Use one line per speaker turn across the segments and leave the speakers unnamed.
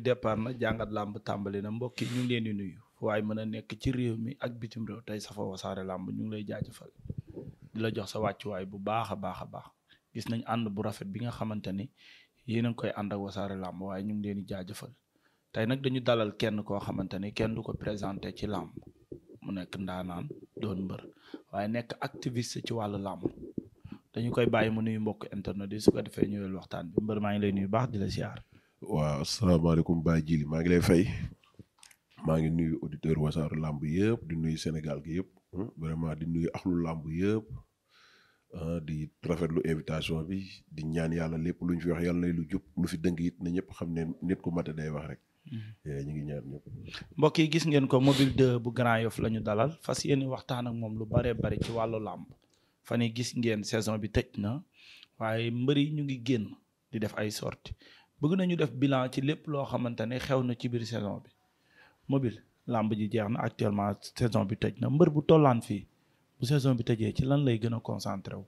bi na jàngat làmb tàmbali na mbokk yi ñu ngi leen di nuyu waaye mën a nekk ci réew mi ak bitim réew tey safa wasaare làmb ñu ngi lay jaajëfal di la jox sa wàccuwaay bu baax a baax a baax gis nañ ànd bu rafet bi nga xamante ni yéen a ngi koy ànd ak wasaare làmb waaye ñu ngi leen di jaajëfal tey nag dañu dalal kenn koo xamante ni kenn du ko présenté ci làmb mu nekk ndaanaan doon mbër waaye nekk activiste ci wàllu làmb dañu koy bàyyi mu nuyu mbokk internet yi su ko defee ñëwel waxtaan bi mbër
maa ngi lay nuyu baax di la siyaar waaw asalaamaaleykum baa Djily maa ngi lay fay maa ngi nuyu auditeur wasaaru làmb yëpp di nuyu Sénégal gi yëpp hmm, vraiment di nuyu axlu làmb yëpp ah, di rafetlu invitation bi di ñaan yàlla lépp lu fi wax yàlla nay lu jub lu fi dëng yit na ñëpp xam ne nit ku mate day wax rek. Mm-hmm. Eh, ñu ngi ñaan ñëpp.
mbokk yi gis ngeen ko mobile 2 bu Grand Yoff lañu dalal fas yéene waxtaan ak moom lu baree bari ci wàllu làmb fan yi gis ngeen saison bi tëj na waaye mbër yi ñu ngi génn di def ay sorties. bëgg nañu def bilan ci lépp loo xamante ne xew na ci biir saison bi mobile làmb ji jeex na actuellement saison bi tëj na mbër bu tollaan fii bu saison bi tëjee ci lan lay gën a concentré wu.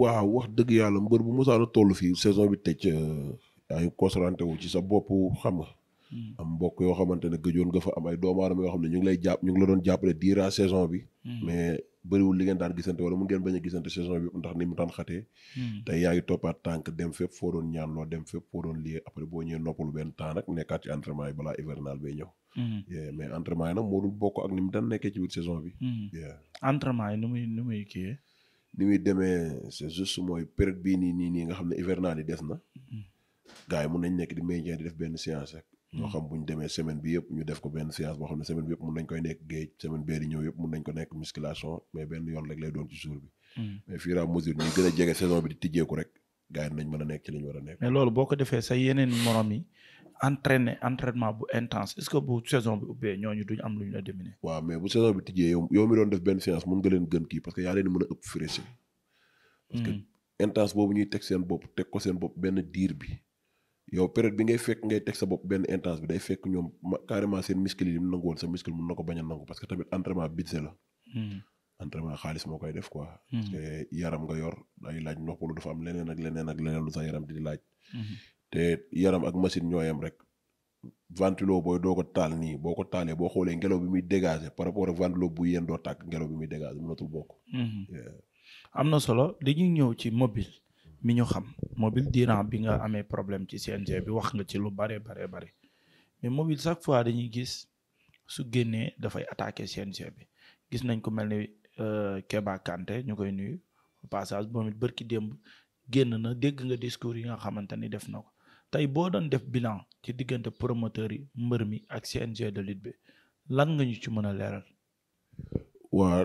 waaw wax dëgg yàlla mbër bu a toll fii saison bi tëj euh, yaa ngi concentré wu ci bopp xam nga. Hmm. am mbokk yoo xamante ne gëjoon nga fa am ay doomu aadama yoo xam ne ñu ngi lay jàpp ñu ngi la doon jàppale diira saison bi. Hmm. bariwul li ngeen daan gisante wala mun ngeen bañ a gisante saison bi ndax ni mu daan xatee. Hmm. tey yaa toppaat tànk dem fépp foo doon ñaan loo dem fépp foo doon liyee après boo ñëwee noppalu benn temps nag nekkaat ci entraînement yi hmm. saison bi.
Hmm. entraînement yi
ni muy demee c'est juste mooy période bii nii nii nii nga xam ne hivernal yi des na. gars yi mun nañ nekk di méngale di def benn séance rek moo xam bu ñu demee semaine bi yëpp ñu def ko benn séance boo xam ne semaine bi yëpp mun nañ koy nekk géej semaine bee di ñëw hmm. a jege saison bi di tijjeeku rek gars yi nañ mën a nekk ci li ñu war
bu ñu la déminé. waaw mais hmm.
boobu ñuy teg seen bopp teg ko seen bopp benn diir bi yow période bi ngay fekk ngay teg sa bopp benn intense bi day fekk ñoom carrément seen muscle yi nangu woon sa muscle mun na ko bañ a nangu parce que tamit entraînement budget la. Hmm. entraînement xaalis moo koy def ko hmm. yaram nga yor day laaj noppalu dafa am leneen ak leneen ak leneen lu sax yaram di laaj. Hmm. te yaram ak machine ñoo yam rek. ventilo boo doo ko taal nii boo ko taalee boo xoolee ngelaw bi muy dégager par rapport ak ventilo bu yéen doo tàkk ngelaw bi
am na solo dañuy ñëw ci mobile. mi ñu xam mobile durant bi nga amee problème ci CNG bi wax nga ci lu bare bare bare mais mobile chaque fois dañuy gis su génnee dafay attaqué CNG bi gis nañ ko mel ni euh, Keba Kanté ñu koy nuyu au passage moom it bërki démb génn na dégg nga discours yi nga xamante ni def na ko tey boo doon def bilan ci diggante promoteur yi mbër mi ak CNG de lutte bi lan nga ñu ci mën a leeral.
waa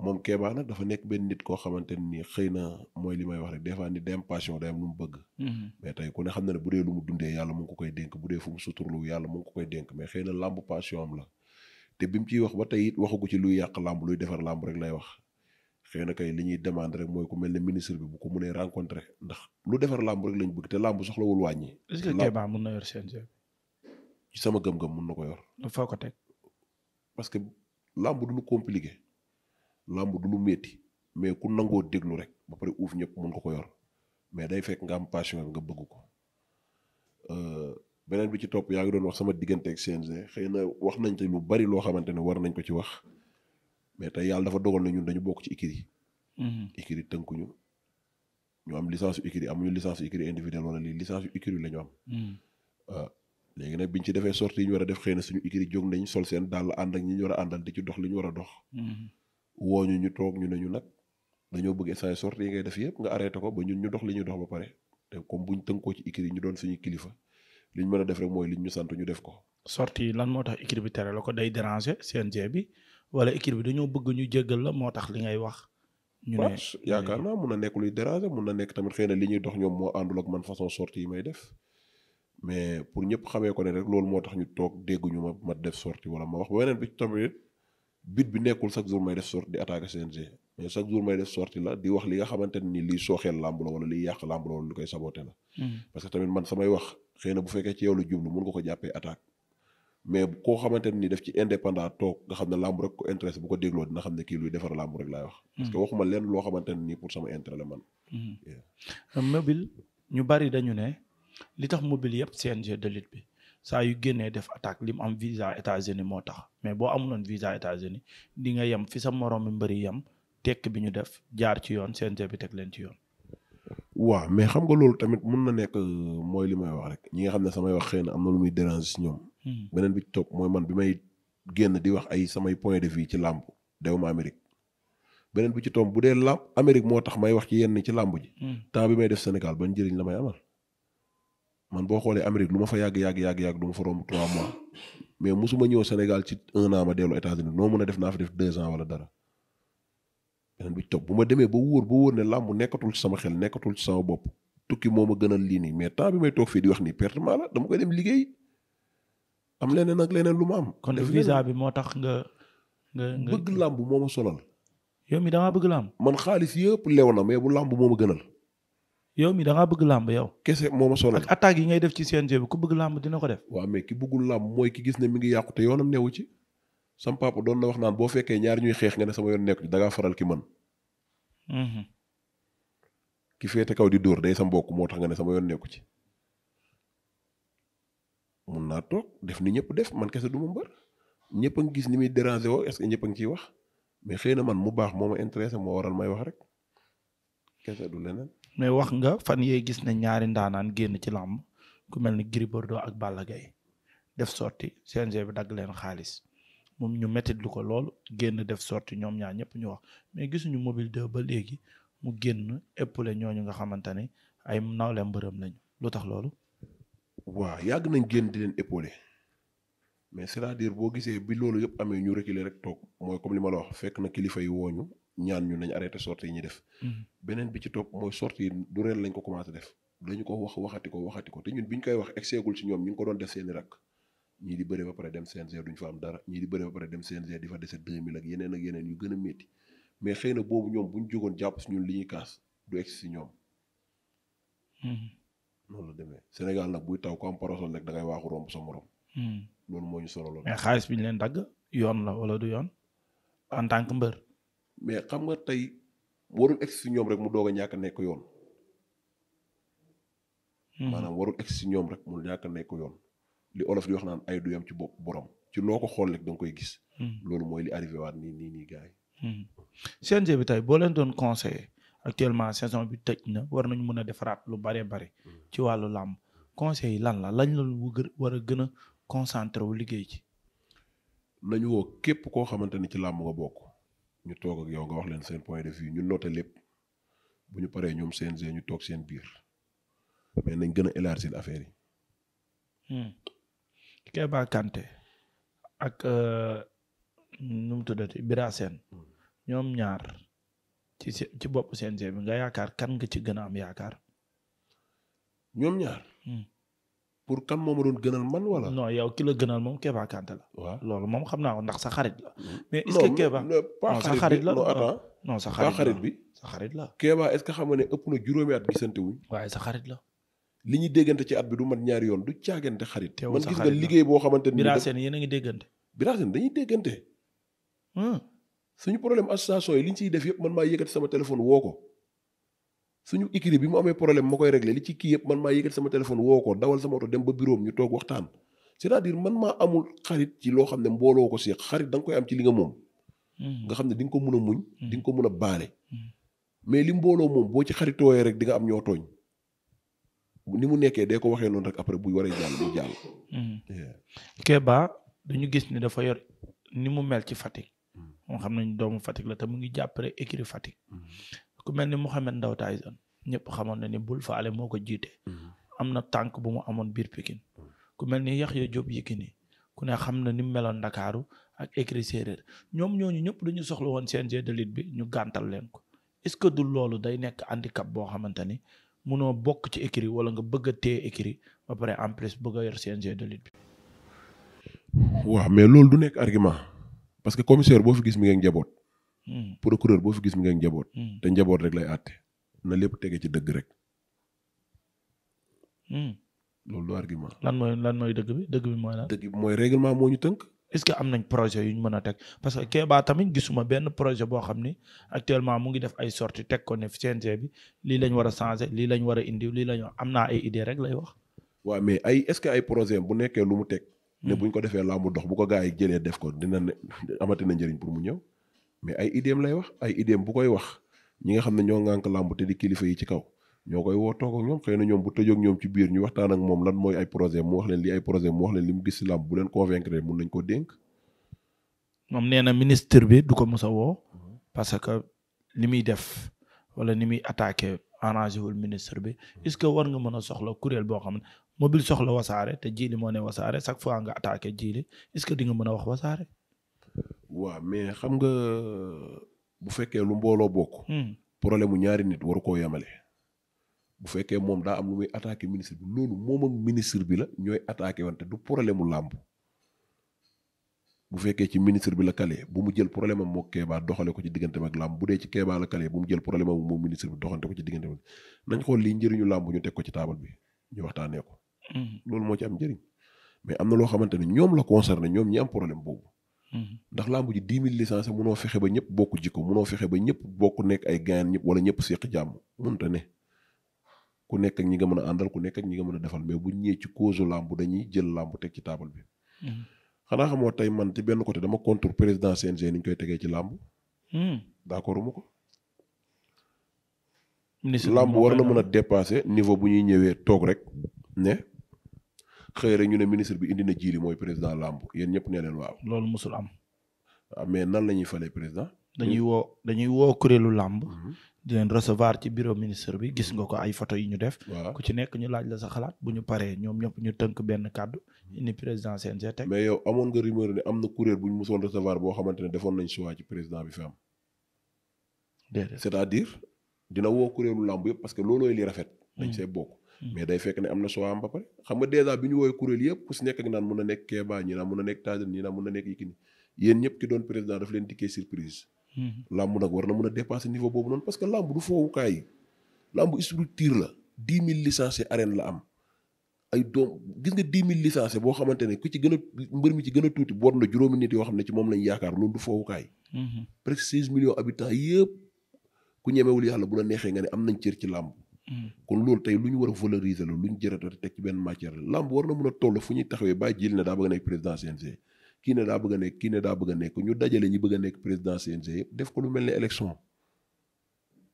moom Kéba nag dafa nekk benn nit koo xamante ni xëy na mooy li may wax rek des fois nit day am passion day am lu mu bëgg. Mhm. mais tey ku ne xam na ne bu dee lu mu dundee yàlla mu ngi koy dénk bu dee fu mu suturlu yàlla mu ngi ko koy dénk mais na làmb passion am la. te bi mu ciy wax ba tey waxagu ci luy yàq làmb luy defar làmb rek lay wax xëy na kay li ñuy demande rek mooy mel ne ministre bi bu ko mënee rencontré ndax lu defar làmb rek lañ bëgg te làmb soxlawul wàññi.
est-ce que Kéba mën na yor CNG.
sama gëm-gëm mën na ko yor. foo ko teg. parce que làmb du lu compliqué làmb du lu métti mais ku nangoo déglu rek ba pare uuf ñëpp mun ko ko yor mais day fekk nga am passion nga bëgg ko euh, beneen bi ci topp yaa ngi doon wax sama diggante ak CNG xëy na wax nañ te lu bari loo xamante ne war nañ ko ci wax mais te yàlla dafa dogal na ñun dañu bokk ci écurie yi. écurie yi tënkuñu ñu am licence yu écurie amuñu licence yu écurie individuelle wala lii licence yu écurie la ñu am. Mhm. Euh, léegi nag biñ ci defee sortie yi ñu war a def xëy na suñu écurie jóg nañ sol seen dàll ànd ak ñi ñu war a àndal di ci dox li war a dox. Mhm. wooñu ñu toog ñu ne ñu nag dañoo bëgg instant sorti yi ngay def yëpp nga arrêté ko ba ñun ñu dox li ñu dox ba pare te comme ñu tënkoo ci écurie ñu doon suñu kilifa liñ mën a def mooy liñ ñu sant ñu def ko.
sorti yi lan moo tax écurie bi la ko day déranger CNG bi wala écurie bi dañoo bëgg ñu jéggal la moo tax li ngay wax.
ñu ne yaakaar naa mun na nekk luy déranger mun na nekk tamit xëy na li ñuy dox ñoom moo àndul ak man façon sorti may def. mais pour ñëpp xamee ko ne rek loolu moo tax ñu toog dégguñu ma ma def sorti wala ma wax beneen bi tamit but bi nekkul chaque jour may def sortie la di wax li nga xamante ni liy sooxeel làmb la wala liy yàq làmb la wala koy saboté la. Hmm. parce tamit man samay wax xëy bu fekkee ci yow jublu mun nga ko jàppee attaque. mais koo xamante ni daf ci indépendant toog nga xam ne làmb rek ko intéressé bu ko dégloo dina xam ne kii luy defar làmb rek laay wax. Hmm. parce waxuma leen loo xamante nii pour sama intérêt hmm.
euh, mobile ñu bari dañu ne li tax mobile saa yu génnee def attaque li mu am visa États-Unis moo tax mais boo amuloon visa États-Unis di nga yem fi sa moroomi mbëri yem tekk bi ñu def jaar ci yoon seen CNG bi teg leen ci yoon.
waaw mais xam nga loolu tamit mun na nekk euh, mooy li may wax rek ñi nga xam ne samay wax xëy na am na lu muy déranger si ñoom. Hmm. beneen bi ci topp mooy man bi may génn di wax ay samay point de vue ci làmb dewuma Amérique beneen bi ci toom bu dee làmb Amérique moo tax may wax ci yenn ci làmb ji. Hmm. temps bi may def Sénégal ban njëriñ la may amal. man boo xoolee Amérique lu ma fa yàgg yàgg yàgg yàgg du ma fa romb trois mois mais mosuma ñëw Sénégal ci un an ma dellu États-Unis noo mën a def naa fa def deux ans wala dara bi topp bu ma demee ba wóor ba wóor ne làmb nekkatul ci sama xel nekkatul ci sama bopp tukki moo ma gënal lii nii mais temps bi may toog fii di wax nii perte la dama koy dem liggéey am leneen ak leneen lu ma am. kon visa bi moo tax nga nga bëgg moo ma solal. yow mi da nga bëgg làmb. man xaalis yëpp lew mais bu làmb moo ma gënal. yow mi da bëgg làmb yow. kese moo ma sonal ak attaques yi ngay def ci CNG bi ku bëgg làmb dina ko def. waaw mais ki bëggul làmb mooy ki gis ne mi ngi yàqu te yoonam newu ci. sam papa doon na wax naan boo fekkee ñaar ñuy xeex nga ne sama yoon nekk da ngaa ki mën. Mhm. féete kaw di dóor day sa mbokk moo tax nga ne sama yoon nekku ci. mun naa toog def ni ñëpp def man kese du ñëpp a gis ni muy déranger wo est-ce que ñëpp a ngi ciy wax mais xëy na man mu baax moo a intéressé moo waral may wax rek kese du leneen.
mais wax nga fan yee gis ne ñaari ndaanaan génn ci làmb ku mel ni Gris Bordeaux ak Balla Gaye def sorti CNG bi dagg leen xaalis moom ñu mettit lu ko lool génn def sorti ñoom ñaar ñëpp ñu wax mais gisuñu mobile 2 ba léegi mu génn éppale ñooñu nga xamante ne ay nawle mbërëm lañu lu tax loolu.
waaw yàgg nañ génn di leen épaulé mais c'est-à-dire boo gisee bi loolu yëpp amee ñu reculer rek toog mooy comme li ma la wax fekk na kilifa yi wooñu ñaan ñu nañ arrêté sorties yi ñuy def. Hmm. beneen bi ci topp mooy sorties yi du ren lañ ko commencé def dañu ko wax waxati ko waxati ko te ñun bi ñu koy wax exeegul ci ñoom ñu ngi ko doon def seen i rakk ñii di bëre ba pare dem CNG duñ fa am dara ñii di bëre boobu ñoom bu ñu jógoon jàpp si li ñuy kaas du egg si ñoom. Hmm. noonu la demee Sénégal nag buy taw ko am parasol rek da ngay waaxu romb sa morom. Hmm. loolu moo ñu solo lool. mais
xaalis bi ñu leen dagg yoon la wala du yoon en tant que mbër
mais xam nga tey warul egg si ñoom rek mu doog a ñàkk nekk yoon. Hmm. maanaam warul egg si ñoom rek mu ñàkk nekk yoon. li olof di wax naan ay du yam ci bopp borom ci loo ko xool rek danga koy gis. Hmm. loolu mooy li arrivé waat nii nii nii gars yi.
Hmm. CNG bi tey boo leen doon conseiller actuellement saison bi tëj na war nañu mën a defaraat lu bare bare. ci wàllu làmb conseil yi lan la lañ la war a gën a concentré wu liggéey ci.
nañu woo képp koo xamante ni ci làmb bokk. ñu toog ak yow nga wax leen seen point de vue ñu noté lépp bu ñu paree ñoom seen CNG ñu toog seen biir mais nañ gën a élargir affaire yi. Hmm. Kéba Kanté
ak euh, nu mu tuddati Bira Sène hmm. ñoom ñaar ci ci bopp CNG bi nga yaakaar kan nga ci gën a am yaakaar. ñoom ñaar. Hmm. pour kan moo a doon gënal man wala. non yow ki la gënal moom Keba Kanté la. waaw loolu moom xam naa ko ndax sa
xarit la. Hmm. mais est-ce que la euh, non sa xarit bi sa xarit la. Keba est-ce que xam nga ne ëpp na juróomi at gisante wuñ. waaye sa xarit la. li ñuy déggante ci at bi du mat ñaari yoon du caagante xarit. teewul man gis nga liggéey boo xamante ni. Bira Sène seen a ngi déggante. Bira Sène dañuy déggante. Hmm. suñu problème association yi li ñu ciy def yëpp man maa yëkkati sama téléphone woo ko suñu écurie bi mu amee problème ma koy réglé li ci kii yëpp man maa yëkkati sama téléphone woo ko dawal sama oto dem ba bureau ñu toog waxtaan c'est-à-dire man maa amul xarit ci loo xam ne mbooloo ko seex xarit da koy am ci li nga moom. Hmm. nga xam ne di nga ko mun a muñ. Hmm. di nga ko mun a baale. Hmm. mais li mbooloo moom boo ci xaritooyee rek di nga am ñoo tooñ. ni mu nekkee day ko waxee noonu rek après buy waree jàll buy jàll.
Kéba dañu gis ni dafa yor ni mu mel ci Fatick. moo xam nañ doomu Fatick la mu ngi jàppale écurie Fatick. ku mel ni Mouhamed Ndao Tyson ñëpp xamoon na ni bul faale moo ko jiite. Mm-hmm. am na tànk bu mu amoon biir Pikine mm-hmm. ku mel ni Yaxya Diop ni ku ne xam na ni mu meloon Ndakaaru ak écrit séeréer ñoom ñooñu ñëpp dañu soxla woon CNG de lutte bi ñu gàntal leen ko est-ce que du loolu day nekk handicap boo xamante ni munoo bokk ci écrit wala nga bëgga a téye écrit ba pare en plus bëgg a yor CNG de lutte bi.
waaw mais loolu du nekk argument parce que commissaire boo fi gis mi njaboot. Hmm. procureur boo fi gis mi ngi njaboot. Hmm. te njaboot rek lay àtte na lépp tege ci dëgg rek. Hmm. loolu du argument.
lan mooy lan mooy dëgg bi dëgg bi mooy lan. dëgg bi mooy
règlement moo ñu tënk. est-ce que am na projet yu mën
a teg parce que Kéba tamit gisuma benn projet boo xam ni actuellement mu ngi def ay sorties teg ko ne CNG bi lii lañ war a changer lii lañ war a indi lii lañ am naa ay idée rek lay wax.
waaw mais ay est-ce que ay projet bu nekkee lu mu teg. ne buñ ko defee laa mu dox bu ko gaa yi jëlee def ko dina ne amati na pour mu ñëw. mais ay idéem lay wax ay idéem bu koy wax ñi nga xam ne ñoo ngànk làmb te di kilifa yi ci kaw ñoo koy woo toog ak ñoom xëy ñoom bu tëjoog ñoom ci biir ñu waxtaan ak moom lan mooy ay projet mu wax leen li ay projet mu wax leen li mu gis si làmb bu leen convaincre mun nañ ko dénk.
moom nee na ministre bi du ko mos woo parce que li muy def wala ni muy attaqué arrangé wul ministre bi est-ce que war nga mën a soxla kuréel boo xam ne mobile soxla wasaare te jiili moo ne wasaare chaque fois nga attaqué jiili est-ce que nga mën a wax wasaare.
waaw mais xam nga bu fekkee lu mbooloo bokk. Hmm. problème mu ñaari nit waru koo yemale. bu fekkee moom daa am lu muy attaqué ministre bi loolu moom ak ministre bi la ñooy attaqué wante du problème mu làmb. bu fekkee ci ministre bi la kale bu mu jël problème am moo Kéba doxale ko ci digganteem ak làmb bu dee ci Kéba la kale bu mu jël problème am moom ministre bi doxante ko ci digganteem ak nañ xool lii njëriñu làmb ñu teg ko ci taabal bi ñu waxtaanee ko. Hmm. loolu moo ci am njëriñ mais am na loo xamante ne ñoom la concerné ñoom ñi am problème boobu. Mm-hmm. ndax lamb ji dix mille licences munoo fexe ba ñëpp bokk jikko munoo fexe ba ñëpp bokk nekk ay gaañan ñëpp wala ñëpp seq jàmm mënta ne ku nekk ak ñi nga mën a àndal ku nekk ak ñi nga mën a defal mais bu ñëwee ci cause lamb dañuy jël lamb teg ci taabal bi. Mm-hmm. xanaa xamoo tey man ci benn côté dama contre président CNG ni ñu koy tegee ci lamb. Mm-hmm. d' accord mu ko. lamb war na mën a dépasser niveau bu ñuy ñëwee toog rek xëy rek ñu ne ministre bi indi na jiili mooy président làmb yéen ñëpp nee leen waaw. loolu mosul am. waaw ah, mais nan la ñuy falee président.
dañuy woo dañuy woo kuréelu làmb. Mhm. di leen recevoir ci bureau ministre bi gis nga ko ay photo yu ñu def.
ku ci nekk ñu laaj la sa xalaat
bu ñu paree ñoom ñëpp ñu tënk benn kàddu. indi président
CNG teg. mais yow amoon nga rumeur ne am na kuréel bu ñu mosoon recevoir boo xamante ne defoon nañ choix ci président bi fi am. déedéet c'est-à-dire dina woo kuréelu làmb yëpp parce que loolooy li rafet. dañ see bokk. Hmm. mais day fekk ne am na choix am ba pare xam nga dèjà bi ñu woowee kuréel yëpp ku si nekk ak naan mun a nekk Kéba ñi naan mun a nekk Tadjane ñi naan mun a nekk Yékini yéen ñëpp ki doon président daf leen dikkee surprise. Hmm. làmb nag war na mun a dépasser niveau boobu noonu parce que làmb du foowukaay làmb structure la dix mille licenciés arène la am ay doom gis nga dix mille licenciés boo xamante ne ku ci gën a mbër mi ci gën a tuuti boor na juróomi hmm. nañ cër ci kon loolu tey lu ñu war a valoriser la lu ñu jërëtati teg ci benn matière la làmb war na mun a toll fu ñuy taxawee bàyyi jil ne daa bëgg a nekk président CNG kii ne daa bëgg a nekk kii ne daa bëgg a nekk ñu dajale ñi bëgg a nekk président CNG yëpp def ko lu mel ne élection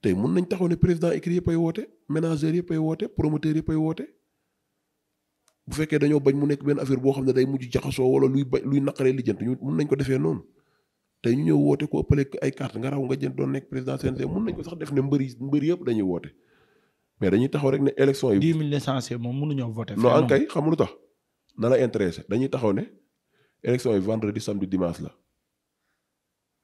tey mun nañ taxaw ne président écrit yëpp ay woote ménageurs yëpp ay woote promoteurs yëpp ay woote bu fekkee dañoo mu nekk benn affaire boo xam ne day mujj jaxasoo wala luy ba luy naqaree nañ ko defee noonu tey ñu ñëw woote ko ëppale ay carte nga raw nga jënd doon nekk président CNG mun nañ ko sax def ne mbëri mbëri yëpp dañuy woote mais dañuy taxaw rek ne élection yi.
10 000 moom mënuñoo voté. non en kay xam
lu tax na la intéressé dañuy taxaw ne élection yi vendredi samedi dimanche la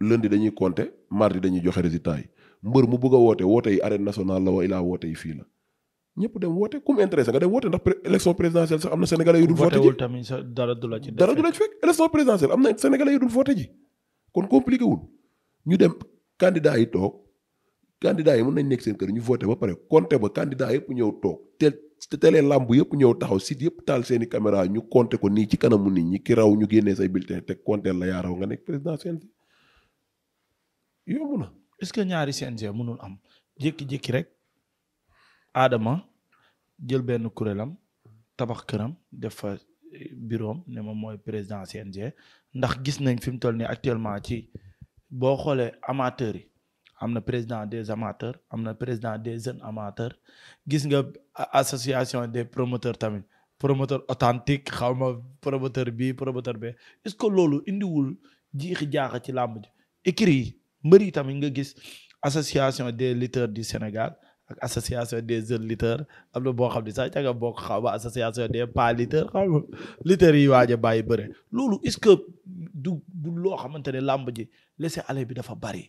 lundi dañuy compter mardi dañuy joxe résultat yi mbër mu bëgg woote woote yi arène nationale la wa ilaa woote yi fii la ñëpp woote ku woote ndax élection présidentielle sax am na sénégalais yu dul voté ji
tamit dara du la ci dara du la
ci fekk élection présidentielle am na sénégalais ji kon compliqué ñu dem candidat yi toog. candidat yi mën nañ nekk seen kër ñu voté ba pare compté ba candidat yëpp ñëw toog te télé làmb yëpp ñëw taxaw site yëpp taal seeni caméra ñu compté ko nii ci kanamu nit ñi ki raw ñu génnee say bulletin te compté la yaa raw nga nekk président
CNG yomb est-ce que ñaari CNG mënul am jékki-jékki rek aadama jël benn kuréelam tabax këram def fa bureau ne moom mooy président CNG ndax gis nañ fi mu toll nii actuellement ci boo xoolee amateurs yi. am na président des amateurs am na président des jeunes amateurs gis nga association des promoteurs tamit promoteur authentique xaw ma promoteur bi promoteur bee est-ce que loolu indiwul jiixi jaaxa ci làmb ji écrit yi mbër yi tamit nga gis association des lutteurs du Sénégal ak association des jeunes lutteurs am boo xam ne sax ca nga bokk xaw ma association des pas lutteurs xaw ma lutteurs yi waaj a bàyyi bëre loolu est-ce que du du loo xamante ne làmb ji laisser aller bi dafa bari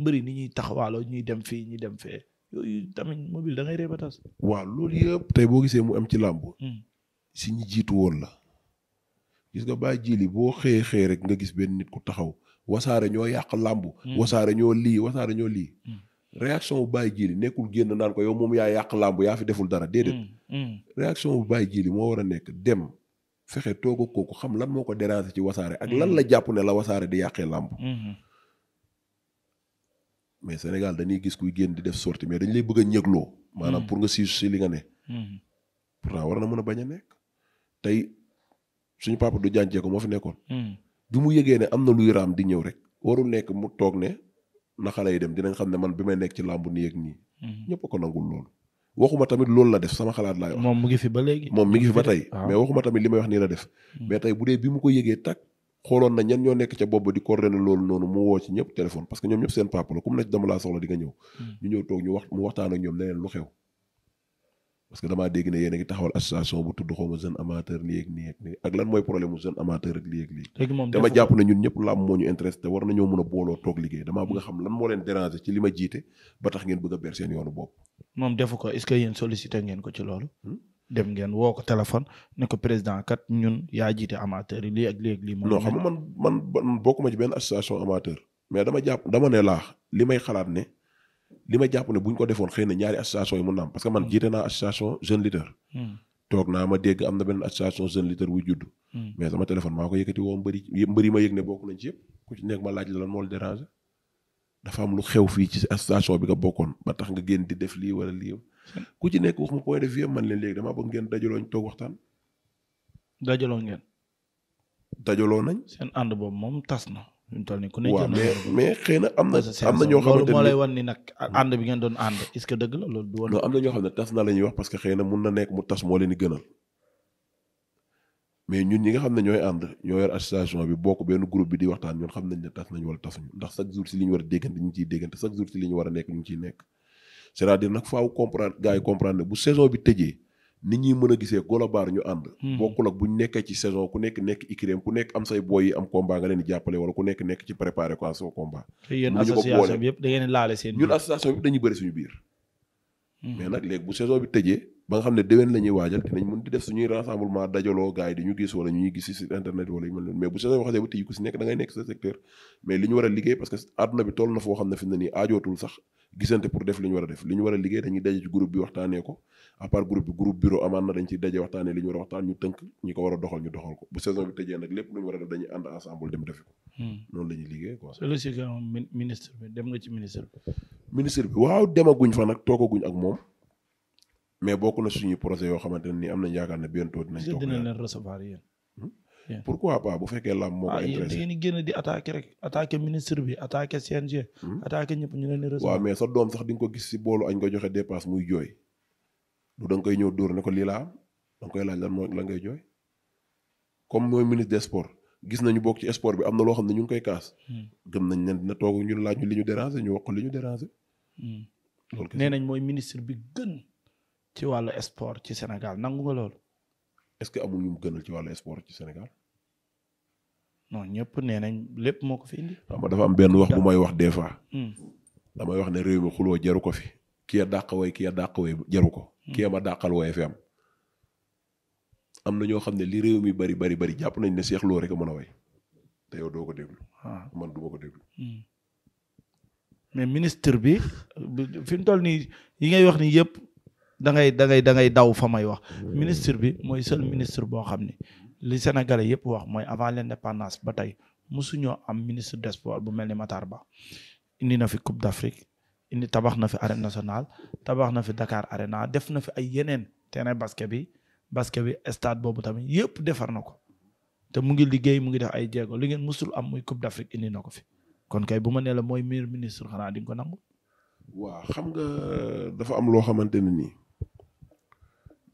mbëri ni ñuy taxawaaloo ñuy dem fii ñuy dem fee yooyu tamit mobile da ngay ree ba tas
waaw loolu yëpp tey boo gisee mu am ci làmb hmm. si ñi jiitu woon la gis nga bàyyi jiili boo xëyee xëyee rek nga gis benn nit ku taxaw wasaare ñoo yàq làmb hmm. wasaare ñoo lii wasaare ñoo lii hmm. réaction bu bàyyi jiili nekkul génn naan ko yow moom yaa yàq làmb yaa fi deful dara déedéet réaction bu bàyyi jiili moo war a nekk dem fexe toog kooku xam lan moo ko déranger ci wasaa ak lan la jàpp la wasaare di yàqee làmb mais Sénégal dañuy gis kuy génn di def sortie mais dañ lay bëgg a ñëgloo. maanaam mm. pour nga siisu si li nga ne. Mm. pourtant war na mën a bañ a nekk. tey suñu papa du jàncee ko moo fi nekkoon. Mm. bi mu yëgee ne am na luy raam di ñëw rek. warul nekk mu toog ne na xale yi dem dinañ xam ne man bi may nekk ci làmb nii ak nii. ñëpp ko nangul loolu. waxuma tamit loolu la def sama xalaat laay wax. moom mu ngi fi ba léegi. moom tey. Ah. mais waxuma tamit li may wax nii la def. mais tey bu xooloon na ñan ñoo nekk ca boobu di coordonné loolu noonu mu woo ci ñëpp téléphone parce ñoom ñëpp seen papa la ne hmm. a ngi taxawal association bu tudd xaw ma ñun ñëpp làmb moo ñu intéressé te war nañoo mën a booloo toog liggéey damaa bëgg a xam lan moo leen déranger ci li ma jiite ba tax ngeen bëgg a ber seen yoonu bopp.
moom defu ko est-ce que yéen sollicité ngeen ko ci loolu. Hmm? dem ngeen woo ko téléphone ne ko président kat ñun yaa jiite amateur yi lii ak lii ak lii. moom xam
man man bokkuma ci benn association amateur. mais dama jàpp dama ne laa li may xalaat ne li ma jàpp ne bu ñu ko defoon xëy na ñaari association yi mun na am parce que man hmm. jiite naa association jeune leader. Hmm. toog naa ma dégg am na benn association jeune leader buy judd. Hmm. mais sama téléphone maa ko yëkkati woo mbëri ma yëg ne bokk nañ ci yëpp ku ci nekk ma laaj la lan moo la déranger dafa am lu xew fii ci association bi nga bokkoon ba tax nga génn di def lii wala lii. ku ci nekk wax ma point de vue man leen léegi damaa bëgg ngeen
dajaloo ngeen. dajaloo nañ. seen ànd boobu moom tas na. ñu toll
nii ku ne waaw mais mais xëy na am na. am na ñoo xamante ne loolu moo lay
wan ni nag ànd bi ngeen doon ànd est dëgg la loolu.
du am na ñoo xam ne tas na wax parce que xëy mun na nekk mu tas moo leen di gënal. mais ñun ñi nga xam ne ñooy ànd ñoo yor association bi bokk benn groupe bi di waxtaan ñun xam nañ ne tas nañ wala tasuñu ndax chaque jour si li war a déggante ñu ngi ciy déggante chaque jour si li war a nekk ñu c'est-à-dire nag faaw comprendre gars yi comprendre ne bu saison bi tëjee nit ñi mën a gisee golobaar ñu ànd. Hmm. bokkul ak bu ñu nekkee ci saison ku nekk nekk ICREM ku nekk am say boy yi leen jàppale ku nekk nekk ci préparé quoi son hmm. mais bu saison bi tëjee la ñuy waajal ñu gis wala bu nekk da nekk sa secteur mais li ñu war a liggéey parce que àdduna bi toll na foo xam ne fi mu ne nii aajootul sax gisante pour def li ñu war a def li ñu war a liggéey dañuy daje ci groupe bi waxtaanee ko à groupe bi groupe bureau amaan na dañ ciy daje waxtaanee li ñu war a waxtaan ñu tënk ñi ko war a doxal ñu doxal ko bu saison bi tëjee nag lépp lu ñu war a def dañuy ànd ensemble dem defi ko. Hmm. noonu la liggéey quoi.
ministre bi dem nga ci ministre bi.
ministre bi waaw demaguñ fa nag toogaguñ ak moom mais bokk na suñuy projet yoo xamante ne ni am nañ yaakaar ne bientôt toog dinañ pourquoi pas bu fekkee làmb moo ko ah, intéressé da ngeen
di génn di attaqué rek attaqué ministre bi attaqué CNG. Hmm? attaqué ñëpp ñu leen di recevoir. waaw mais
sa doom sax di nga ko gis si boolu añ ko joxe dépasse muy jooy du da nga koy ñëw dóor ne ko lii laa am da nga koy laaj lan mooy comme mooy ministre des sports gis nañu bokk ci sport bi am na loo xam ne ñu ngi koy kaas. Hmm. gëm nañ ne dina toog ñu laaj ñu li ñu déranger ñu wax ko li ñu déranger. Hmm. loolu
nee nañ mooy ministre bi gën ci wàll sport ci Sénégal nangu nga loolu. est-ce que amul ñu mu gënal ci wàllu sport ci Sénégal. non ñëpp nee nañ lépp moo ko fi indi.
xam nga dafa am benn wax bu may wax des fois. Hmm. damay wax ne réew mi xuloo ko fi. kii dàq way kii a ko. Hmm. kii a ma dàqal way ñoo xam ne li réew mi bari bari bari jàpp nañ ne Cheikh Lo rek a mën a way te yow doo ko déglu. Ah. man du ma ko déglu. Hmm.
mais ministre bi fi mu toll nii yi ngay wax ni yëpp dangay ngay da daw fa may wax. ministre bi mooy seul ministre boo xam ni li Sénégalais yëpp wax mooy avant l'indépendance ba tey mosuñoo am ministre des sports bu mel ni Matar Ba indi na fi Coupe d'Afrique indi tabax na fi arène nationale tabax na fi Dakar Arena def na fi ay yeneen terrain basket bi basket bi stade boobu tamit yëpp defar na ko te mu ngi liggéey mu ngi def ay jéego li ngeen musul am muy Coupe d'Afrique indi na ko fi
kon kay bu ma nee la mooy meilleur ministre xanaa di ko nangu. waaw xam nga euh, dafa am loo xamante ne nii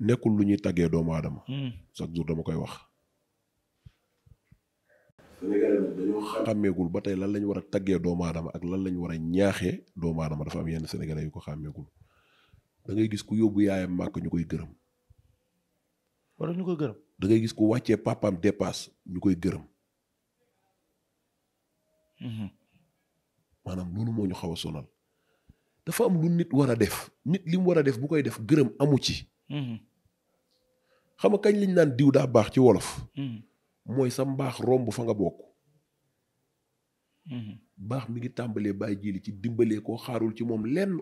nekkul lu ñuy tàggee doomu aadama. Hmm. chaque koy wax. Sénégalais nag ba tey lan lañ war a taggee doomu aadama ak lan lañ war a ñaaxee doomu dafa am yenn sénégalais yu ko xàmmeegul da gis ku yóbbu yaayam màkk ñu koy gërëm. ñu koy gërëm. da gis ku wàccee papaam dépasse ñu koy gërëm. Mhm. maanaam loolu moo xaw a sonal. dafa lu nit war a def nit li mu war a def bu koy def gërëm amu ci. Mhm. xam nga kañ liñ naan diw daa baax ci wolof. Mhm. mooy sa mbaax romb fa nga bokk. Mhm. baax mi ngi tàmbalee bàyyi jiili ci dimbalee koo xaarul ci moom lenn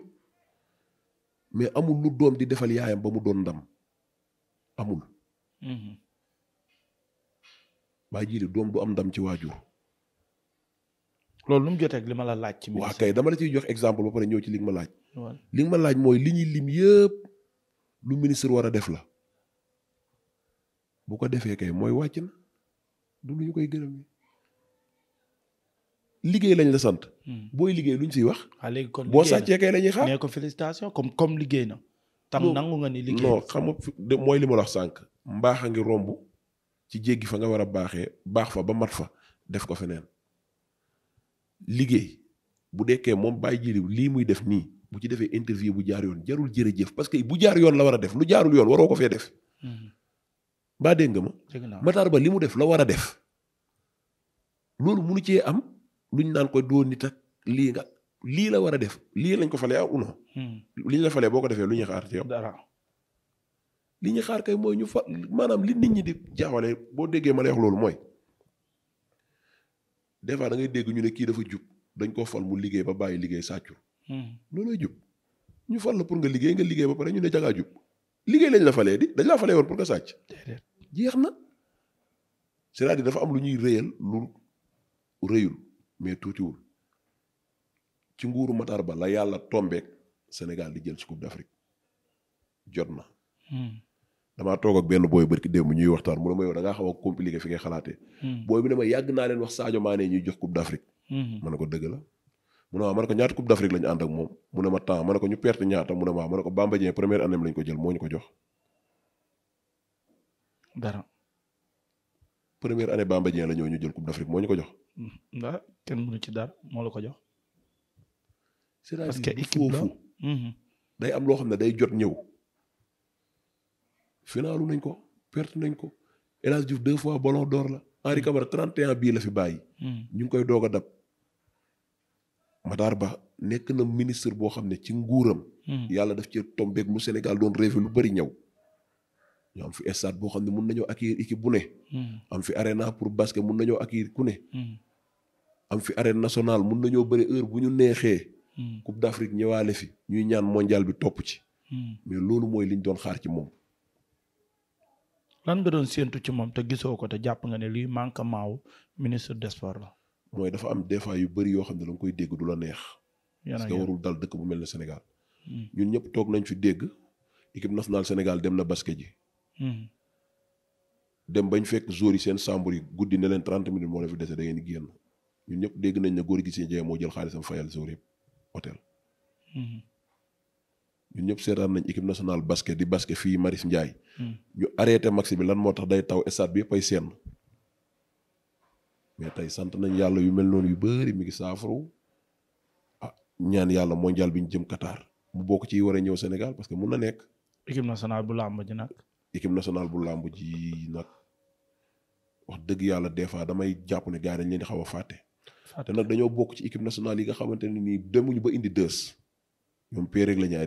mais amul lu doom di defal yaayam ba mu doon ndam amul. Mhm. bàyyi jiili doom du am ndam ci waajur.
loolu lu mu jotee ak li ma la laaj. ci waa
kay dama la ciy jox exemple ba pare ñëw ci li ma laaj. li ma laaj mooy li ñuy lim yëpp lu ministre war a def la bu ko defee kay mooy wàcc na. du lu ñu koy gërëm liggéey lañ la sant. Hmm. booy liggéey luñ ciy wax.
ah léegi kon boo sàccee kay la ñuy ko félicitation comme
comme liggéey na. tam nangu nga ni liggéey non xam nga mooy li ma wax sànq. mbaax a ngi romb ci jéggi fa nga war a baaxee baax fa ba mat fa def ko feneen liggéey bu dekkee moom bàyyi ji lii muy def nii bu ci defee interview bu jaar yoon jarul jërëjëf parce que bu jaar yoon la war a def lu jaarul yoon waroo ko fee def. Hmm. baa dégg nga ma. Matar Ba li mu def la war a def loolu munu cee am luñ naan ko doo nit lii lii la war a def lii lañ ko falee ah ou hmm. ñu la boo ko defee lu ñuy ci yow. dara li ñuy xaar kay mooy ñu fa maanaam li nit ñi di jaawale boo déggee ma lay loolu mooy des fois da ngay dégg ñu ne kii dafa jub dañ koo fal mu liggéey ba bàyyi liggéey sàccul. Hmm. loolooy jub ñu fal la pour nga liggéey nga liggéey ba pare ñu ne jagaa jub liggéey lañ la falee di dañ laa falee woon pour nga sàcc. jeex na cest à dafa am lu ñuy rëyal lu rëyul mais tuutiwul ci nguuru Matar Ba la yàlla tombeek Sénégal di jël ci Coupe d'Afrique jot na. Hmm. damaa toog ak benn booy barki démb ñuy waxtaan mu ne ma yow da ngaa xaw a compliqué fi ngay xalaatee. Hmm. booy bi ne ma yàgg naa leen wax Sadio Mané ñuy jox Coupe d'Afrique. Hmm. ma ne ko dëgg la. mu ne ma ma ne ko ñaata Coupe d'Afrique la ànd ak moom mu ne ma temps ma ne ko ñu perte ñaata mu ne ma ma ne ko Bamba jël moo ñu ko jox. dara. première année baa Dieng la ñëw ñu jël coupe d'Afrique moo ñu ko jox.
waaw kenn mënu
ci dara la ko jox. parce que équipe la mhm. day am loo xam ne day jot ñëw. finaalu nañ ko perte nañ ko El Hadj Diouf deux fois ballon d'or la. Henri mhm. Camara 31 bii la fi bàyyi. Mhm. ñu ngi koy doog a dab. Matar Ba nekk na ministre boo xam ne ci nguuram. yàlla daf ci tombeeg lu Sénégal doon rêvé lu bari ñëw. ñu am fi stade boo xam ne mun nañoo accueillir équipe bu ne. Hmm. am fi arena pour basket mun nañoo accueillir ku ne. Hmm. am fi arène nationale mun nañoo bëri heure bu ñu neexee. Hmm. coupe d'Afrique ñëwaale fi ñuy ñaan mondial bi topp ci. loolu mooy liñ doon xaar ci moom.
lan nga doon séentu ci moom te gisoo ko jàpp nga ne lii manquement ministre des sports la.
mooy dafa am des fois yu bëri yoo xam ne da koy dégg du la neex. parce que dal dëkk bu mel ne Sénégal. ñun ñëpp toog nañ fi dégg équipe nationale Sénégal dem na basket ji. Hmm. dem bañ fekk jour yi seen chambre yi guddi ne leen trente minutes moo la fi dese da ngeen di génn ñun ñëpp dégg nañ ne góor gi seen jaay moo jël xaalisam fayal jour yëpp hôtel. Hmm. ñun ñëpp seetaan nañ équipe nationale basket di basket fii Maris Ndiaye. Hmm. ñu arrêté match bi lan moo tax day taw stade bi yëpp ay seen. mais tey sant nañ yàlla yu mel noonu yu bëri mi ngi saafaru ah, ñaan yàlla mondial bi ñu jëm Qatar mu bokk ci war ñëw Sénégal parce que mun na nekk.
équipe nationale bu làmb ji nag.
équipe nationale bu làmb ji nag wax dëgg yàlla des fois damay jàpp ne gaa dañ leen di xaw a fàtte. te nag dañoo bokk ci équipe nationale yi nga xamante ne nii demuñu ba indi deux ñoom pire rek la ñu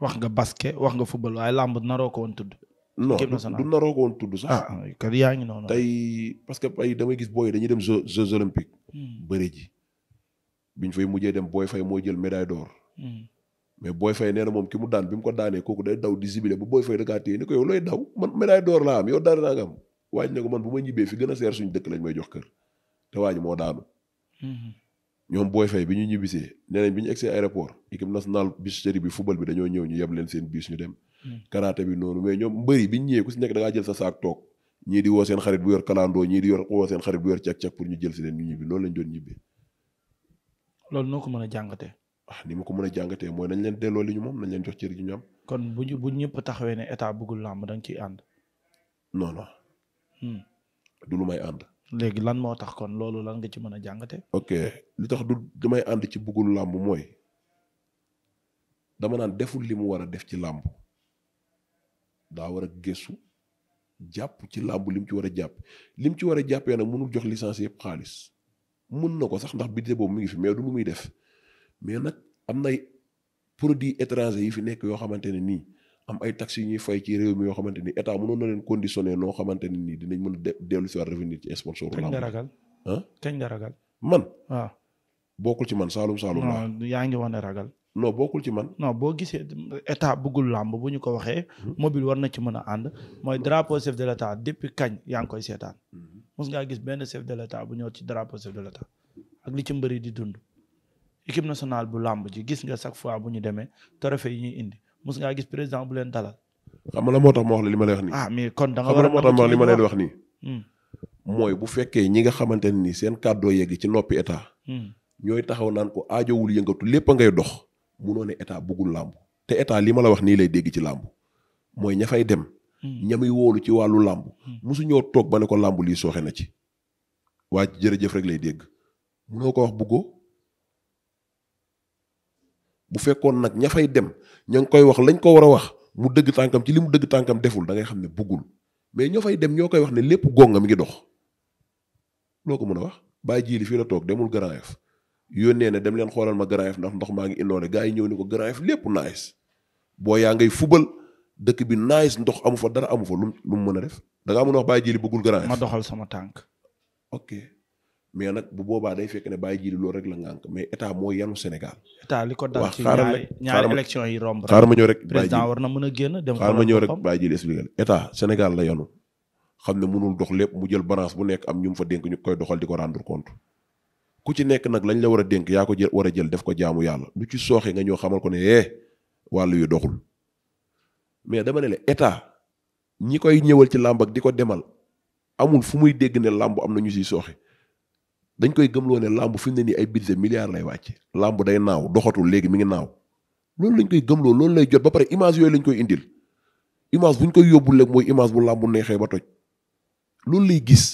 wax
nga basket wax nga football waaye làmb naroo ko woon tudd. non du naroo ko woon tudd sax. ah kër yaa ngi noonu.
tey parce que ay damay gis booy dañuy dem jeux jeux olympiques. Hmm. bëri ji biñ fay mujjee dem booy fay moo jël médaille d'or. Hmm. mais Boy Faye nee na moom ki mu daan bi mu ko daanee kooku day daw di zibilé ba Boy Faye da kaa ni ko yow looy daw man médaille d'or laa am yow daan naa nga am waaj na ko man bu ma ñibbee fi gën a seer suñu dëkk lañ may jox kër te waaj moo daanu. Mhm. ñoom booy Faye bi ñu ñibbisee nee bi ñu egsee aéroport équipe nationale bichérie bi football bi dañoo ñëw ñu yeb leen seen bis ñu dem. Mhm. karaté bi noonu mais ñoom mbëri bi ñu ñëwee ku si nekk da ngaa jël sa saak toog ñii di woo seen xarit bu yor kalandoo ñii di yor woo seen xarit bu yor loolu noo ko mën a ah ni ma ko mën a jàngatee mooy nañ leen delloo li ñu moom nañ leen jox cër gi ñu am.
kon bu ñu bu ñëpp taxawee ne état bëggul làmb da nga ciy ànd. non hmm. du lu may ànd. léegi lan moo tax kon loolu lan nga ci mën a jàngate.
ok li tax du damay ànd ci bëggul làmb mooy dama naan deful li mu war a def ci làmb daa war a gëstu jàpp ci làmb lim ci war a jàpp lim ci war a jàppee nag mënul jox licence yëpp xaalis mën na ko sax ndax bidé boobu mu ngi fi mais du lu muy def. mais nag am nay produits étrangers yi fi nekk yoo xamante ne nii am ay tax yu ñuy fay ci réew mi yoo xamante ni état mënoon na leen conditionné noo xamante ne nii dinañ mën a dellu si waat revenir ci sponsor. nga ragal ah kañ nga ragal. man waaw. bokkul ci man Saalum Saalum. laa
yaa ngi wane ragal.
non bokkul ci man.
non boo gisee état bëggul làmb bu ñu ko waxee. Hmm? mobile war na ci mën a ànd. mooy drapeau chef de l' état depuis kañ yaa ngi koy seetaan. Hmm. mos ngaa gis benn chef de l' état bu ñëw ci drapeau chef de l' ak li ci mbëri di dund. équipe nationale bu làmb ji gis nga chaque fois bu ñu demee trophée yi ñuy indi mos ngaa gis président bu leen dalal.
xam moo tax ma wax la li ma lay wax nii. Ah, da nga war a hmm. mooy bu fekkee ñi nga xamante ne nii seen kàddoo yegg ci noppi état. Hmm. ñooy taxaw naan ko aajowul yëngatu lépp a ngay dox. munoo ne état bëggul làmb te état li ma la wax nii lay dégg ci làmb mooy ña fay dem. Hmm. ñamuy wóolu ci wàllu làmb. mosu ñoo toog ba ne ko làmb lii sooxe na ci. waa jërëjëf rek lay dégg. munoo ko wax bu fekkoon nag ña fay dem ña ngi koy wax lañ ko war a wax mu dëgg tànkam ci li mu dëgg tànkam deful da ngay xam ne bëggul mais ñoo fay dem ñoo koy wax ne lépp gonga mi ngi dox loo ko mën a wax bàyyi jiili fii la toog demul Grand yónnee ne dem leen xoolal ma Grand Yoff ndax ndox maa ngi indoone gars yi ñëw ne ko Grand Yoff lépp nice boo yaa ngay fubal dëkk bi nice ndox amu fa dara amu fa lu mu mën a def da mën a wax bàyyi jiili bëggul Grand Yoff ma doxal sama tànk ok mais nag bu boobaa day fekk ne bàyyi jiitu loolu rek la ngànk mais état moo yanu Sénégal. état li ko dal ci ñaari ñaari yi romb. xaaral ma ñëw rek président war na mën a génn dem. xaaral ma ñëw rek bàyyi jiitu expliqué état Sénégal la yanu xam ne mënul dox lépp mu jël balance bu nekk am ñu mu fa dénk ñu koy doxal di ko rendre compte. ku ci nekk nag lañu la war a dénk yaa ko jël war a jël def ko jaamu yàlla lu ci sooxee nga ñëw xamal ko ne eh wàllu yu doxul mais dama ne la état ñi koy ñëwal ci làmb di ko demal amul fu muy dégg ne làmb am na ñu siy sooxe dañ koy gëmloo ne làmb fi mu ne nii ay budget milliards lay wàcce làmb day naaw doxatul léegi mi ngi naaw loolu lañ koy gëmloo loolu lay jot ba pare image yooyu lañ koy indil image buñ koy yóbbu rek mooy image bu làmb neexee ba toj loolu lay gis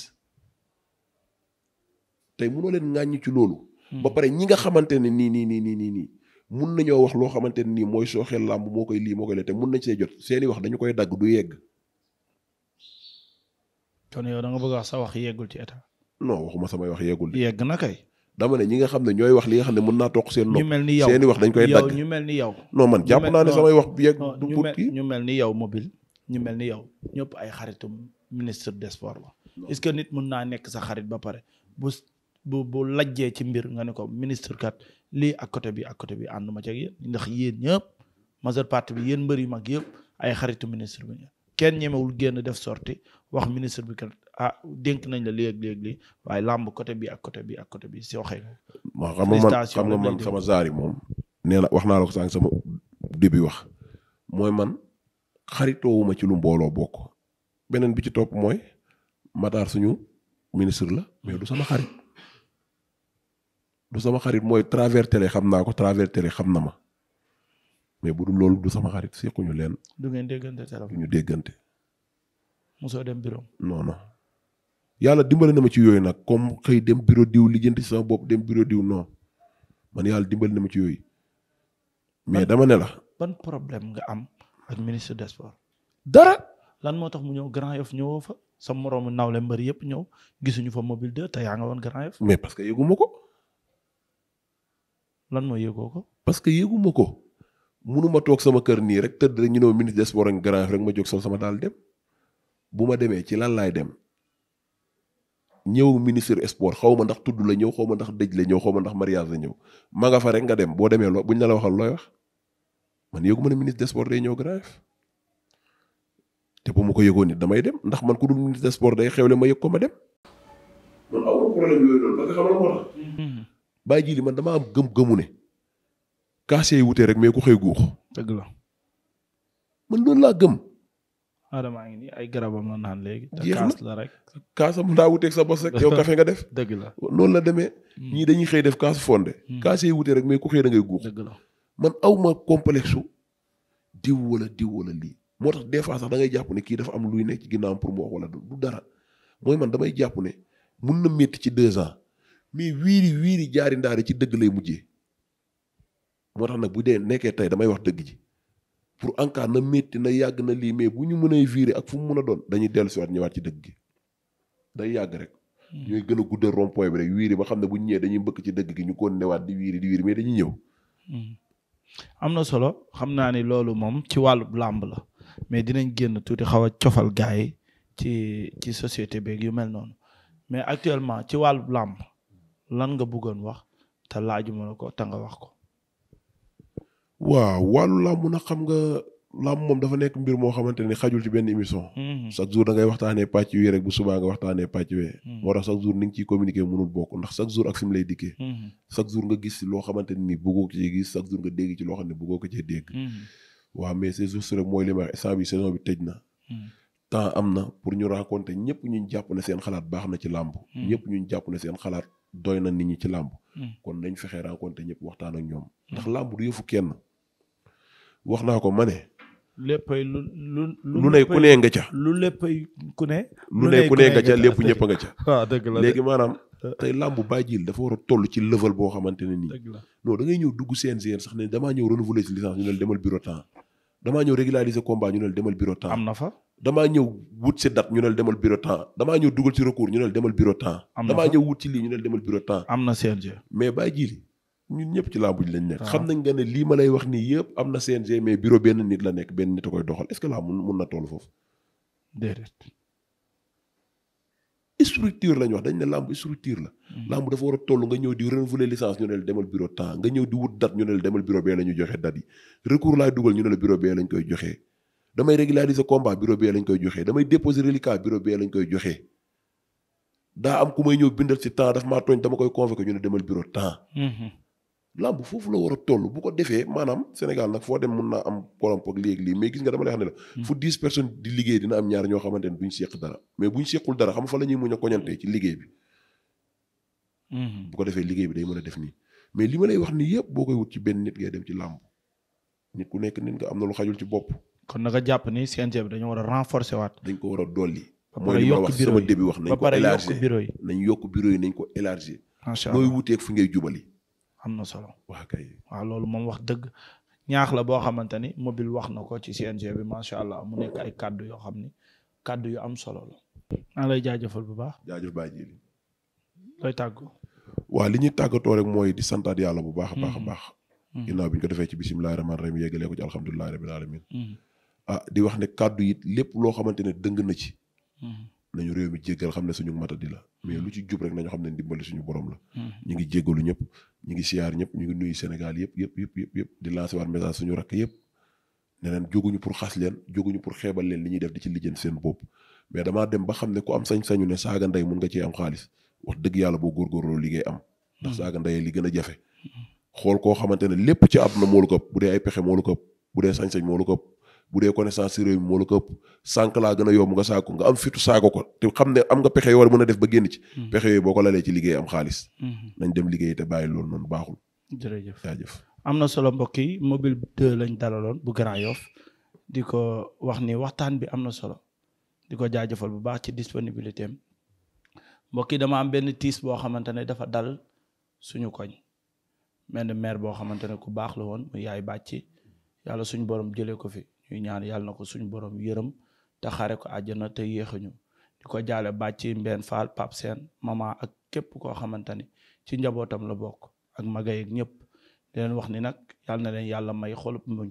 tey mënoo leen ŋàññi ci loolu. Hmm. ba pare ñi nga xamante ne nii nii nii nii nii mun nañoo wax loo xamante ne nii mooy sooxee làmb moo koy lii moo koy la te mun nañ see jot seeni wax dañu koy dagg du yegg.
kon yow bëgg wax sa wax yeggul
non waxuma samay wax yeegul. yegg na kay. dama ne ñi nga xam ne ñooy wax li nga xam ne mën naa toog seen. ñu mel ni yow seen i wax dañ koy dagg ñu mel ni yow. non man jàpp naa ne samay wax. yegg du pour
ñu mel ni yow mobile. ñu mel ni yow ñëpp ay xaritum ministre des sports la. est-ce que nit mën naa nekk sa xarit ba pare bu bu bu lajjee ci mbir nga ne ko ministre kat lii ak côté bi ak côté bi ànduma ci ak yéen ndax yéen ñëpp majeure partie bi yéen mbër yu mag yëpp ay xaritu ministre bi kenn ñemewul génn def sorti wax ministre bi kat ah dénk nañ la léeg léeg li waaye làmb côté bi ak côté bi ak côté bi si waxee. waaw xam nga man xam nga man sama zaari
moom. nee na wax naa la ko sànq sama début wax mooy man xaritoowuma ci lu mbooloo bokk beneen bi ci topp mooy Matar suñu ministre la mais du sama xarit du sama xarit mooy travers télé xam naa ko travers télé xam na ma mais bu dul loolu du sama xarit ñu leen. du ngeen déggante téléphone du ñu déggante.
mosoo dem bureau.
non non. yàlla dimbali na ma ci yooyu nag comme xëy dem bureau diw lijjanti sama bopp dem bureau diw non man yàlla dimbali na ma ci yooyu
mais dama ne la. ban problème nga am ak ministre des sports. dara. lan moo tax mu ñëw Grand Yoff ñëwoo fa sa moroomu nawle mbër yëpp ñëw gisuñu fa mobile 2 te yaa nga woon Grand Yoff. mais parce que yëguma ko. lan moo yëgoo ko.
parce que yëguma ko munuma toog sama kër nii rek tëdd rek ñu ne ministre des sports ak rek ma jóg sol sama daal dem bu ma demee ci lan laay dem. ñëw ministre sport xaw ma ndax tudd la ñëw xaw ma ndax dëj la ñëw xaw ma ndax mariage la ñëw ma nga fa rek nga dem boo demee loo buñ la la waxal looy wax man yëgu ma ne ministre des day ñëw Grand Yoff ma ko yëgoon nit damay dem ndax man ku dul ministre des sports day xewle ma yëg ko man aw ba nga xamal moo man dama am gëm-gëmu ne kaase yi wutee rek mais ku xëy guux. dëgg la
man loolu laa gëm. Adama a ngi nii ay garabam la naan léegi. te kaas la rek
kaasam daa wuteeg sa bos rek yow café nga def. dëgg la loolu la demee. Hmm. ñii dañuy xëy def kaas fonde. Hmm. kaas yi wute rek mais ku xëy da ngay guux. dëgg la man aw ma complexe su diw wala diw wala lii. moo tax des fois sax da ngay jàpp ne kii dafa am luy nekk ci ginnaawam pour mu wax wala du dara mooy man damay jàpp ne mun na métti ci deux ans mais wiiri wiiri jaari ndaari ci dëgg lay mujjee moo tax nag bu dee nekkee tey damay wax dëgg ji. pour en na métti na yàgg na lii mais bu ñu mën ay virer ak fu mu mën a doon dañuy dellu siwaat ñëwaat ci dëgg gi day yàgg rek hmm. ñooy gën a guddal bi rek wiiri ba xam ne bu ñu ñëwee dañuy bëgg ci dëgg gi ñu ko newaat di wiiri di wiiri mais dañuy ñëw
hmm.
am na solo xam naa ni loolu moom ci wàllu làmb la mais dinañ génn tuuti xaw a cofal gars yi ci ci société beeg yu mel noonu mais actuellement ci wàllu làmb lan nga bëggoon wax te laaju ma la ko te nga wax ko
waaw wàllu làmb na xam nga làmb moom dafa nekk mbir moo xamante ne xajul ci benn émission. Mhm. chaque jour dangay waxtaanee pàcc wii rek bu subaa nga waxtaanee pàcc wee. Mhm. moo tax chaque jour ni nga ciy jour ak fi mu lay dikkee. Mhm. chaque ni bëggoo ko cee gis chaque jour nga dégg ci loo xam ne bëggoo ko cee dégg. waaw mais c'est juste rek mooy li ma instant bi saison bi tëj na. temps am na pour ñu raconter ñëpp ñu jàpp ne seen xalaat baax na ci làmb. ñëpp ñu jàpp ne seen xalaat doy na nit ñi ci làmb. kon nañ fexe raconter ñëpp waxtaan ak ñoom. ndax làmb yëfu kenn wax naa ko ma ne.
léppay lu lu lu ne nga ca. lu léppay ku ne. lu ne ku ne nga ca lépp ñëpp nga ca. waaw ah, dëgg la léegi maanaam.
tey làmb Baye Djily dafa war a toll ci level boo xamante ne nii. non da ngay ñëw dugg CNG sax ne damaa ñëw renouveler ci licence ñu ne demal bureau temps damaa ñëw régulariser combat ñu ne demal bureau temps. am na fa. damaa ñëw wut si date ñu ne demal bureau temps damaa ñëw dugal ci recours ñu ne demal bureau temps. am na fa damaa ñëw wut ci lii ñu ne demal bureau temps. am na CNG mais Baye Djily ñun ñëpp ci làmbu ji lañ nekk. Ah. xam nañ nga ne lii ma lay wax nii yëpp am na CNG mais bureau benn nit la nekk benn nit a koy doxal est-ce que laa mun na toll foofu. déedéet. lañu wax dañ ne làmb structure la. Hmm. làmb dafa war a toll nga ñëw di renouveler licence ñu ne la demal bureau temps nga ñëw di wut date ñu ne la demal bureau bee la ñu joxe date yi recours laay dugal ñu ne la bureau bee lañ koy joxee damay régulariser combat bureau bee lañ koy joxee damay déposer reliquat bureau lañ koy joxee daa am ku may ñëw bindal si temps daf maa tooñ dama koy convoquer ñu demal bureau temps. Hmm, hmm. làmb foofu la war a toll bu ko defee maanaam Sénégal nag foo dem mun naa am korompo ak lii ak lii mais gis nga dama lay xam ne la hmm. fu dix personnes di liggéey dina am ñaar ñoo xamante ne duñ seq dara mais buñ sequl dara xam fa la ñuy muñ a koñante ci liggéey hmm. ko defee liggéey bi day mën a def nii mais li ma lay wax nii yëpp boo koy wut ci benn nit ngay dem ci làmb nit ku nekk nit nga am na lu xajul ci bopp
kon a jàpp ni CNG bi dañoo war a renforcer waat
dañ ko war a dolli mooy li ma wax sama début wax nañ ko élargir nañ yokk bureau yi nañ ko élargir nooy wuteeg fi ngay jubali am na solo waaw kay
waaw loolu moom wax dëgg ñaax la boo xamante ni mobile wax na ko ci CNG bi macha allah mu nekk ay kàddu yoo xam ni kàddu yu am solo la. maa lay jaajëfal bu baax. jaajëf baa ji looy tàggu.
waa li ñuy tàggatoo rek mooy di santaat yàlla bu baax a baax a mm-hmm. baax. Mm-hmm. ginnaaw bi ñu ko defee ci bisimilah rahmaani rahim yeggalee ko ci alhamdulilah rabbil alamin mm-hmm. ah di wax ne kàddu yi lépp loo xamante ne dëng na ci. nañu réew mi jéggal xam ne suñu matadi la mais hmm. lu ci jub rek nañu xam ne ndimbali suñu borom la hmm. ñu ngi jéggalu ñëpp ñu ngi siyaar ñëpp ñu ngi nuyu Sénégal yëpp yëpp yëpp yëpp yëpp di lancer waat message suñu rakk yëpp ne leen jóguñu pour xas leen jóguñu pour xeebal leen li ñuy def di ci lijjën seen bopp mais damaa dem ba xam ne ku am sañ-sañu ne saaga ndey mun nga cee am xaalis wax dëgg yàlla boo góorgóorloo liggéey am ndax hmm. saaga ndey li gën a jafe xool koo xamante ne lépp ci àdduna moo lu ko bu ay pexe moo lu ko bu dee sañ-sañ moo ko bu dee connaissance si réew mi moo la ko ëpp sànq laa gën a yomb nga saako nga am fitu saako ko te xam ne am nga pexe yoo war a mën a def ba génn ci. Hmm. pexe yooyu boo ko lalee ci liggéey am xaalis. Hmm. nañ dem liggéey te bàyyi loolu noonu baaxul.
jërëjëf jaajëf. am na solo mbokk yi mobile 2 lañ dalaloon bu Grand Yoff di ko wax ni waxtaan bi am na solo di ko jaajëfal bu baax ci disponibilité am mbokk yi dama am benn tiis boo xamante ne dafa dal suñu koñ mel ni maire boo xamante ne ku baax la woon mu yaay bàcc yàlla suñu borom jëlee ko fi. ñu ñaan yàlla na ko suñu boroom yërëm te xare ko àjjana te yéexuñu di ko jaale ci mbenn faal pap seen mama ak képp koo xamante ni ci njabootam la bokk ak maga ak ñëpp di leen wax ni nag yàlla na leen yàlla may xolub muñ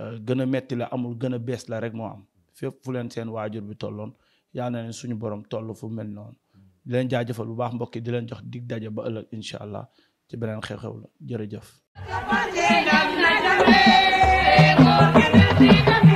euh, gën a metti la amul gën a bees la rek moo am fépp fu leen seen waajur bi tolloon yàlla na leen suñu boroom toll fu mel noon di leen jaajëfal bu baax mbokki di leen jox dig daje ba ëllëg incha allah ci beneen xew-xew la jërëjëf
Thank you.